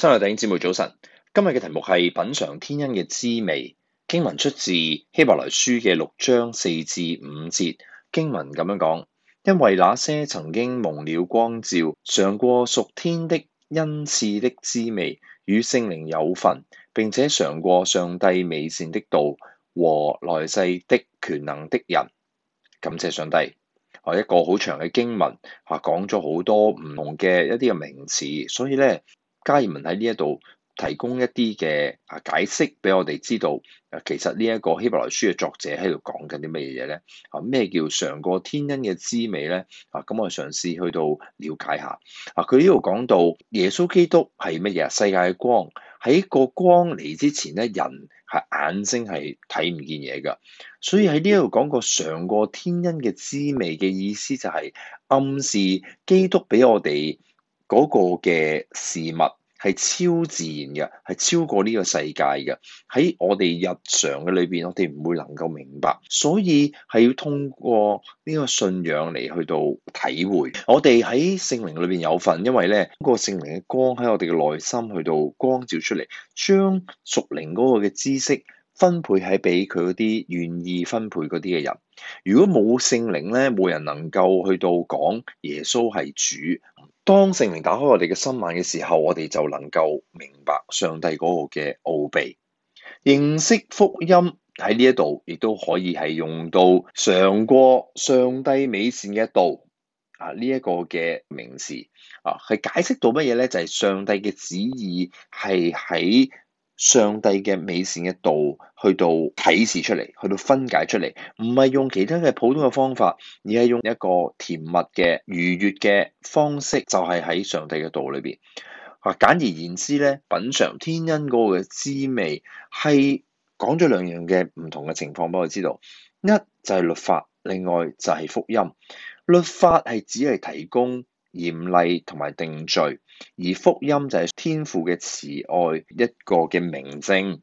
親愛弟兄姊妹早晨，今日嘅題目係品嘗天恩嘅滋味。經文出自希伯來書嘅六章四至五節，經文咁樣講：因為那些曾經蒙了光照，嘗過屬天的恩賜的滋味，與聖靈有份，並且嘗過上帝美善的道和來世的權能的人，感謝上帝。我一個好長嘅經文，啊，講咗好多唔同嘅一啲嘅名詞，所以咧。加爾文喺呢一度提供一啲嘅啊解釋俾我哋知道，其實呢一個希伯來書嘅作者喺度講緊啲乜嘢嘢咧？啊，咩叫嘗過天恩嘅滋味咧？啊，咁我嘗試去到了解下。啊，佢呢度講到耶穌基督係乜嘢？世界嘅光。喺個光嚟之前咧，人係眼睛係睇唔見嘢㗎。所以喺呢一度講過嘗過天恩嘅滋味嘅意思就係暗示基督俾我哋。嗰個嘅事物係超自然嘅，係超過呢個世界嘅。喺我哋日常嘅裏邊，我哋唔會能夠明白，所以係要通過呢個信仰嚟去到體會。我哋喺聖靈裏邊有份，因為咧，個聖靈嘅光喺我哋嘅內心去到光照出嚟，將屬靈嗰個嘅知識分配喺畀佢嗰啲願意分配嗰啲嘅人。如果冇聖靈咧，冇人能夠去到講耶穌係主。當聖靈打開我哋嘅心眼嘅時候，我哋就能夠明白上帝嗰個嘅奧秘，認識福音。喺呢一度亦都可以係用到嘗過上帝美善嘅道啊，呢一個嘅名詞啊係解釋到乜嘢咧？就係上帝嘅旨意係喺。上帝嘅美善嘅道，去到啟示出嚟，去到分解出嚟，唔係用其他嘅普通嘅方法，而係用一個甜蜜嘅、愉悅嘅方式，就係、是、喺上帝嘅道裏邊。啊，簡而言之咧，品嘗天恩嗰個嘅滋味，係講咗兩樣嘅唔同嘅情況，俾我知道。一就係律法，另外就係福音。律法係只係提供。嚴厲同埋定罪，而福音就係天父嘅慈愛一個嘅明證。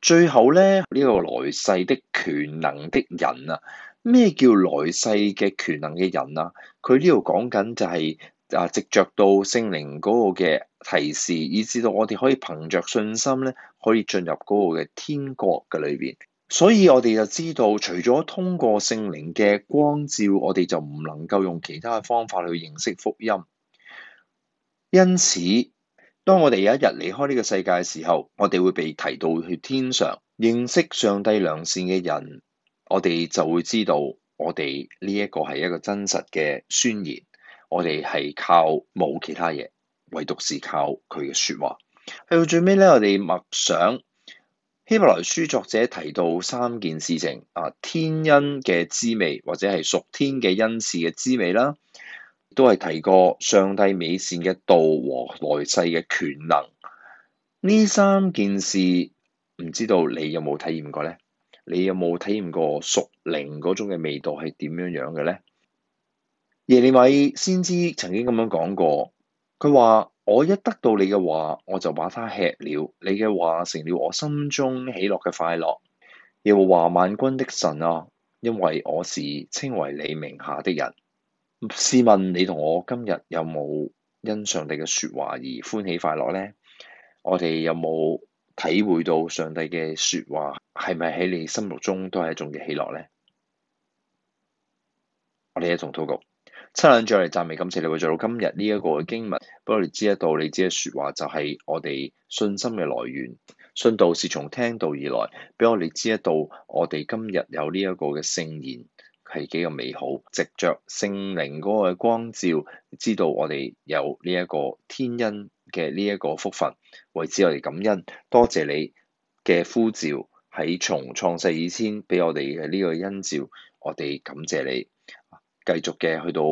最後咧呢、呢個來世的權能的人啊，咩叫來世嘅權能嘅人啊？佢呢度講緊就係啊，藉着到聖靈嗰個嘅提示，以至到我哋可以憑着信心咧，可以進入嗰個嘅天國嘅裏邊。所以我哋就知道，除咗通過聖靈嘅光照，我哋就唔能夠用其他嘅方法去認識福音。因此，當我哋有一日離開呢個世界嘅時候，我哋會被提到去天上認識上帝良善嘅人，我哋就會知道我哋呢一個係一個真實嘅宣言。我哋係靠冇其他嘢，唯獨是靠佢嘅說話。去到最尾咧，我哋默想。希伯來書作者提到三件事情啊，天恩嘅滋味或者係屬天嘅恩賜嘅滋味啦，都係提過上帝美善嘅道和來世嘅權能。呢三件事，唔知道你有冇體驗過咧？你有冇體驗過屬靈嗰種嘅味道係點樣樣嘅咧？耶利米先知曾經咁樣講過，佢話。我一得到你嘅話，我就把它吃了。你嘅話成了我心中喜樂嘅快樂。耶和華萬君的神啊，因為我是稱為你名下的人。試問你同我今日有冇因上帝嘅說話而歡喜快樂呢？我哋有冇體會到上帝嘅說話係咪喺你心目中都係一種喜樂呢？我哋一同禱告。七兩我哋讚美感謝，你會做到今日呢一個嘅經文，俾我哋知得到，你知嘅説話就係我哋信心嘅來源，信道是從聽道而來，俾我哋知得到我哋今日有呢一個嘅聖言係幾咁美好，藉着聖靈嗰個光照，知道我哋有呢一個天恩嘅呢一個福分，為此我哋感恩，多謝你嘅呼召，喺從創世以前俾我哋嘅呢個恩召。我哋感謝你。繼續嘅去到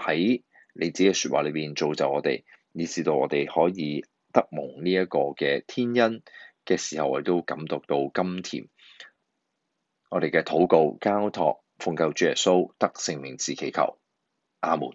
喺你自己嘅説話裏邊造就我哋，以致到我哋可以得蒙呢一個嘅天恩嘅時候，我哋都感覺到甘甜。我哋嘅禱告、交託、奉救主耶穌得聖名時祈求，阿門。